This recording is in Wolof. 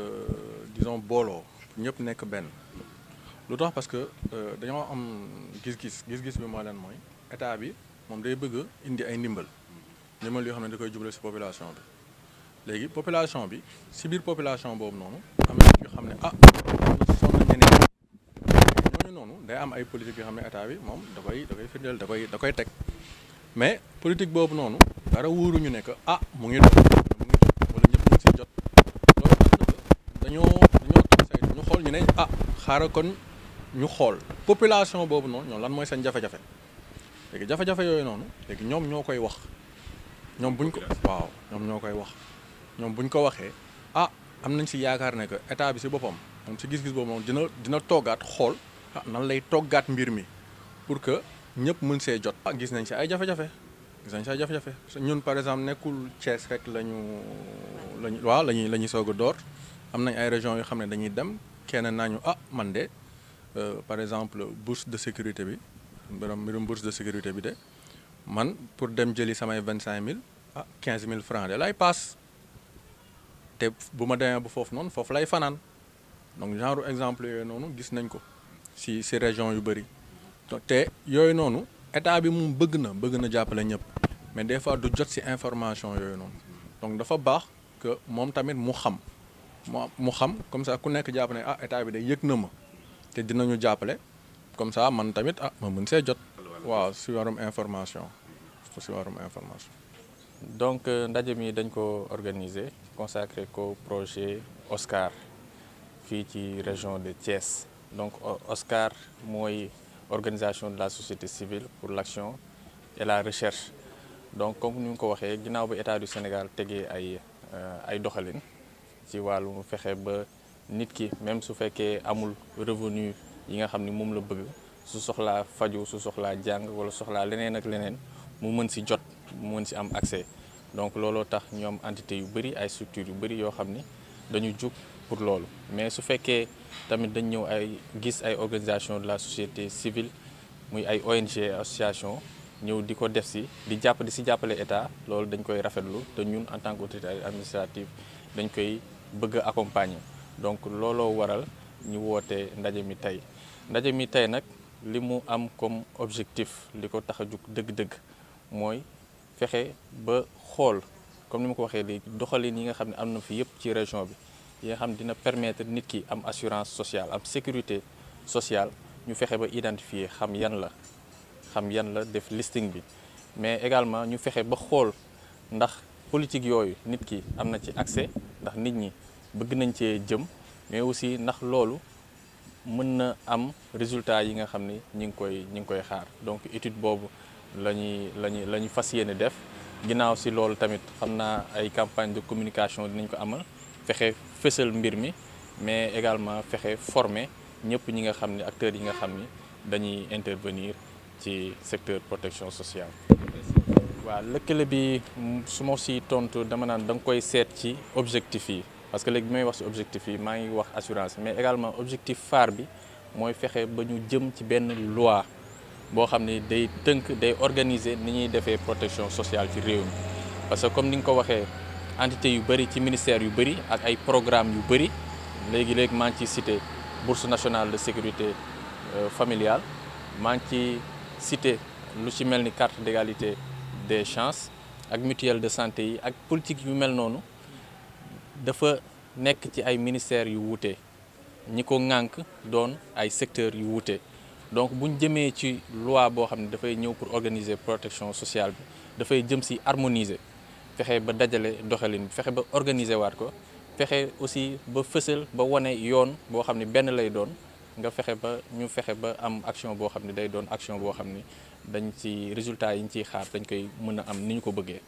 Euh, dison booloo ñëpp nekk benn lu tax parce que euh, dañoo am gis-gis gis-gis bi moo leen mooy état bi moom day bëgg indi ay ndimbal ndimbal yoo xam ne da koy jubale si population bi léegi population bi si biir population boobu noonu am na yoo xam ne ah sonn ñooñu noonu day am ay politique yoo xam ne état bi moom da koy da koy da koy teg mais politique boobu noonu dara wóoruñu ne ah mu ngi dox xaaral kon ñu xool population boobu noonu ñoom lan mooy seen jafe-jafe léegi jafe-jafe yooyu noonu léegi ñoom ñoo koy wax ñoom buñ ko waaw ñoom ñoo koy wax ñoom buñ ko waxee ah am nañ si yaakaar ne que état bi si boppam am si gis-gis boobu moom dina dina toggaat xool ah, nan lay toggaat mbir mi pour que ñëpp mën see jot. ah gis nañ si ay jafe-jafe gis nañ si ay jafe-jafe ñun par exemple nekkul Thiès rek lañu lañu la waaw la ñuy la ñuy soog a door am nañ ay régions yoo xam ne dañuy dem. kenn nañu ah man de euh, par exemple bourse de sécurité bi mbirum mbirum bourse de sécurité bi de man pour dem jëli samay vingt cinq mille ah quinze mille francs de lay paas te bu ma demee bu foofu noonu foofu lay fanaan donc genre exemple yooyu noonu gis nañ ko si si région yu bëri te yooyu noonu état bi mu bëgg na bëgg na jàppale ñëpp mais des fois du jot si information yooyu noonu donc dafa baax que moom tamit mu xam mu xam comme ça ku nekk jàpp ne ah état bi de yëg na ma te dinañu jàppale comme ça man tamit ah ma mën see jot. waaw si warum information si warum information. donc euh, ndaje mi dañ ko organiser consacré ko projet OSCAR fii ci région de Thiès donc OSCAR mooy organisation de la société civile pour l'action et la recherche donc comme ñu nga ko waxee ginnaaw bi état du Sénégal tegee ay euh, ay doxalin. ci wàllum fexe ba nit ki même su fekkee amul revenu yi nga xam ni moom la bëgg su soxlaa faju su soxlaa jàng wala soxlaa leneen ak leneen mu mën si jot mu mën si am accès donc looloo tax ñoom entité yu bëri ay structures yu bëri yoo xam ni dañu jug pour loolu mais su fekkee tamit dañ ñëw ay gis ay organisation de la société civile muy ay ONG association ñëw di ko def si di jàpp si jàppale état loolu dañ koy rafetlu te ñun en tant que autorité administrative dañ koy bëgg a accompagner donc looloo waral ñu woote ndaje mi tey ndaje mi tey nag li mu am comme objectif li ko tax a jug dëgg-dëgg mooy fexe ba xool comme ni ma ko waxee léegi doxalin yi nga xam ne am na fi yëpp ci région bi yi nga xam dina permettre nit ki am assurance sociale am sécurité sociale ñu fexe ba identifier xam yan la xam yan la def listing bi mais également ñu fexe ba xool ndax politique yooyu nit ki am na ci accès ndax nit ñi bëgg nañ cee jëm mais aussi ndax loolu mën na am résultat yi nga xam ni ñu ngi koy ñi ngi koy xaar donc étude boobu la ñuy la ñuy la ñu fas yéene def ginnaaw si loolu tamit xam naa ay campagne de communication dinañ ko amal fexe fësal mbir mi mais également fexe former ñëpp ñi nga xam ni acteurs yi nga xam ni dañuy intervenir ci secteur protection sociale waaw lëkkale bi mm, su ma si tontu dama naan da koy seet ci objectif yi parce que léegi bi may wax si objectif yi maa ngi wax assurance mais également objectif phare bi mooy fexe ba ñu jëm ci benn loi boo xam ne day tënk day organiser ni ñuy defee protection sociale ci réew mi parce que comme ni nga ko waxee entité yu bëri ci ministère yu bëri ak ay programme yu bëri léegi léegi maa ngi ciy cité bourse nationale de sécurité euh, familiale maa ngi ci cité lu ci mel ni carte d'égalité de chances ak mutuelle de santé yi ak politique yu mel noonu dafa nekk ci ay ministères yu wuute ñi ko ŋànk doon ay secteurs yu wuute donc bu ñu jëmee ci loi boo xam ne dafay ñëw pour organiser protection sociale bi dafay jëm si harmoniser fexe ba dajale doxalin fexe ba organiser waat ko fexe aussi ba fësal ba wane yoon boo xam ne benn lay doon nga fexe ba ñu fexe ba am action boo xam ne day doon action boo xam ni dañ ci résultat yi ñu ciy xaar dañ koy mën a am ni ñu ko bëggee